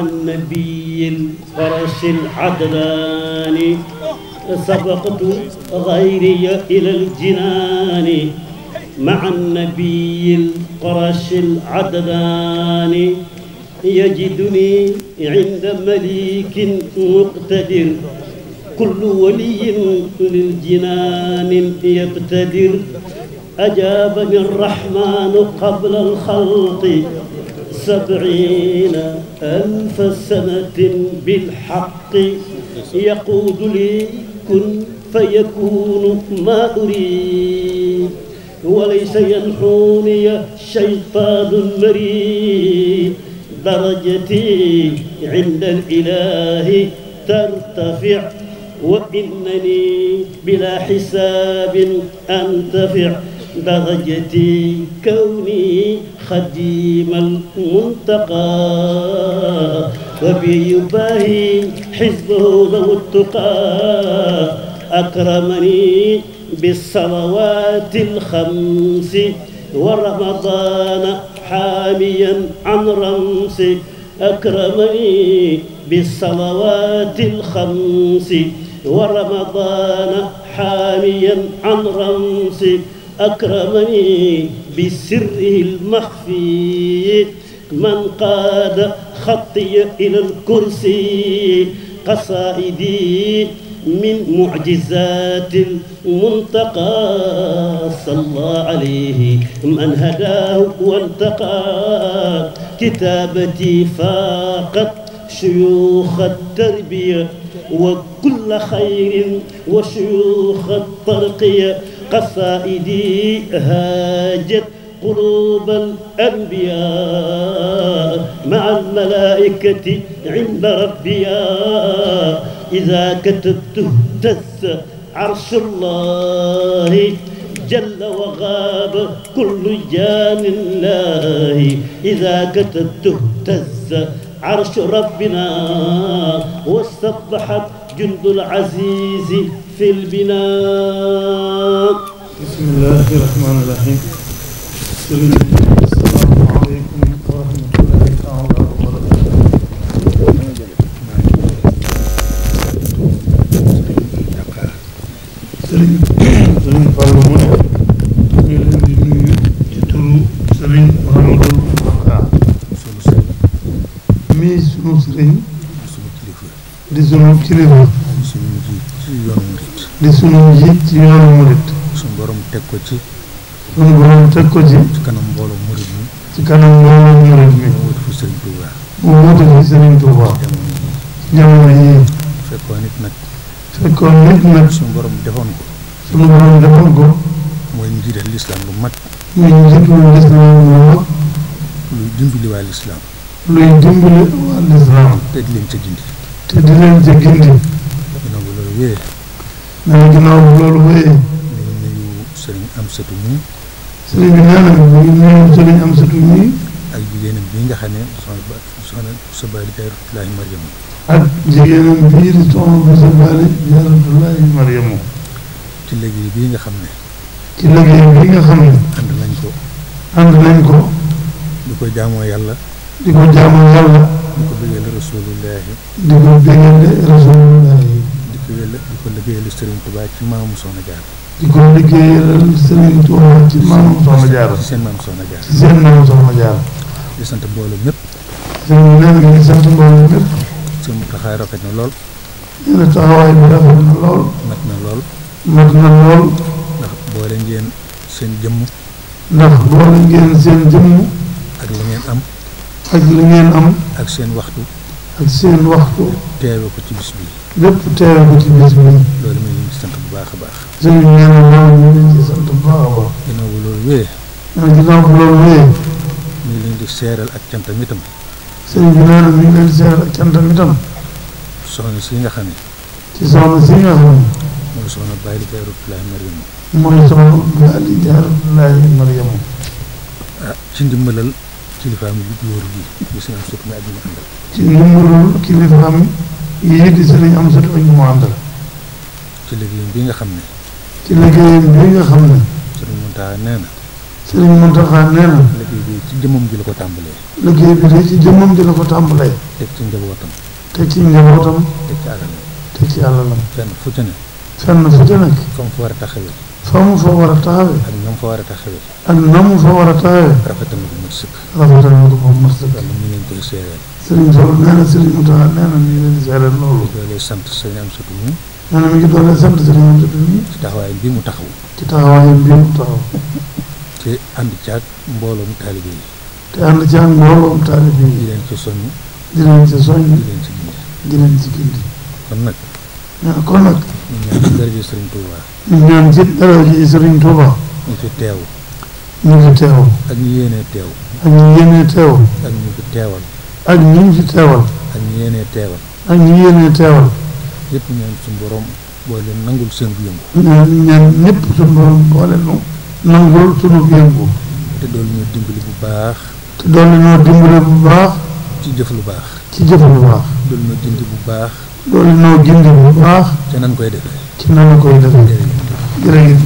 النبي الفرس العدنان سبقت غيري إلى الجنان مع النبي القرش العدنان يجدني عند مليك مقتدر كل ولي للجنان يقتدر أجابني الرحمن قبل الخلق سبعين ألف سنة بالحق يقول لي كن فيكون ما أريد وليس ينحوني الشيطان المريد درجتي عند الإله ترتفع وإنني بلا حساب أنتفع درجة كوني خديم المنتقى وبي يباهي حزبه ذو التقى أكرمني بالصلوات الخمس ورمضان حاميا عن رمس أكرمني بالصلوات الخمس ورمضان حاميا عن رمس أكرمني بسره المخفي من قاد خطي إلى الكرسي قصائدي من معجزات المنتقى صلى عليه من هداه وانتقى كتابتي فاقت شيوخ التربية وكل خير وشيوخ الترقية قصائدي هاجت قلوب الأنبياء مع الملائكة عند ربي إذا كتبته اهتز عرش الله جل وغاب كل جان الله إذا كتبته اهتز عرش ربنا واستبحت جند العزيز في البناء بسم الله الرحمن الرحيم السلام عليكم ورحمة الله تعالى وبركاته Serigne Serigne Fallou mu ne ñu leen di nuyu ci turu Serigne Mouhamadou Bakar mi sunu Serigne di sunu kilifa di sunu njiit ci yoonu murit suñu borom teg ko ci suñu borom teg ko ci ci kanam mbooloo murit mi ci kanam mbooloo murit mi mu wut fi Sëriñ Tuubaa mu wut fi Sëriñ Tuubaa jamono yii fekkoon nit nag fekkoon nit nag suñu borom defoon ko suñu borom defoon ko mooy njiital lislaam lu mat muy njiit lu lislaam lu mag luy dimbali waa lislaam luy dimbali waa lislaam te di leen ca gindi te di leen ca gindi ginnaaw bu loolu wéyee nee na ginnaaw bi loolu wéyee. ñu ngi nuyu am Amsatou ñii. Serigne bi nee na ñu ngi nuyu Serigne ñii. ak jigéenam bii nga xam ne soxna Boussa Bally Jaaratullaahi Maryamu. ak jigéenam bii di soxna Boussa Bally ci liggéey bii nga xam ne. ci liggéey bii nga xam ne. ànd nañ ko. ànd nañ ko. di ko jaamoo yàlla. di ko jaamoo yàlla. di ko bëggee rasuulullaahi. di ko bëggee rasuulullaahi. liggéeyal la di ko liggéeyal Serigne ci maamu Soxna Jaara di ko liggéeyal Serigne Touba ci maamu Soxna Jaara ci seen maamu Soxna Jaara ci seen maamu Soxna Jaara di sant mbooloo mépp sëñ bi nee na sant mbooloo mépp sëñ rafet na lool nee na taxawaay bi rafet na lool mat na lool mat ndax boole ngeen seen jëmm ndax boole ngeen seen jëmm am ak li ngeen am ak seen waxtu ak seen waxtu. teewe ko ci bis bi. lépp teewe ko ci bis bi. loolu mooy ñu ci sant bu baax a baax. sëriñ bi nee na loolu ñu ngi ci sant bu baax a baax. ginnaaw bu loolu wéyee. nee na ginnaaw bu loolu wéyee. ñu ngi leen di seeral ak cantam itam. sëriñ bi nee na mi ngi leen di seeral ak cantam itam. soxna si nga xam ne. ci soxna si nga xam ne. mooy soxna Baali Jaaru Billaahi Mariam. mooy soxna Baali Jaaru Billaahi Mariam. ah ci ndimbalal. kilifaam yu góor yi bu seen am yi di sëriñ am sut ak ñu mu ci liggéeyam bi nga xam ne ci liggéeyam bi nga xam ne sëriñ Mountakha nee na sëriñ Mountakha nee na liggéey bi ci jëmmam ji la ko tàmbalee liggéey bi de ci jëmmam ji la ko tàmbalee teg ci njabootam teg ci njabootam teg ci alalam fenn fu ne fenn fu ca nekk comme fu war a taxawee fa mu fa war a taxawee. ak na mu fa war a taxawee. ak na mu fa war a taxawee. rafetal na ko mot sëkk. rafetal na ko mot sëkk. kon ñu leen koy seereel. Serigne Sow nee na Serigne Moussa nee na ñu leen seereel loolu. doolee sant Serigne am sëtu mi. nee na mi ngi doolee sant Serigne am sëtu mi. ci taxawaayam bii mu taxaw. ci taxawaayam bii mu taxaw. te ànd ci ak mbooloom taalibe yi. te ànd ci ak mbooloom taalibe yi. di leen ci soññ. di leen ci soññ. di leen ci gindi. di leen ci gindi. kon nag. waaw kon nag. ñaan dara ji Serigne Touba. ñaan ci dara ji Serigne Touba. ñu fi teew. ñu fi teew. ak ñu yéenee teew. ak ñu yéenee teew. ak ñu fi teewal. ak ñu fi teewal. ak ñu yéenee teewal. ak ñu yéenee teewal. yëpp ñaan suñu borom boo leen nangul seen yëngu. ñaan ñaan ñëpp suñu borom boo leen nangul suñu yëngu. te doon ñoo dimbali bu baax. te doon ñoo dimbali bu baax. ci jëf lu baax. ci jëf lu baax. doon ñoo dindi bu baax. loolu noo gindi bu baax. te nan koy defee. te nan koy defee jërëjëf.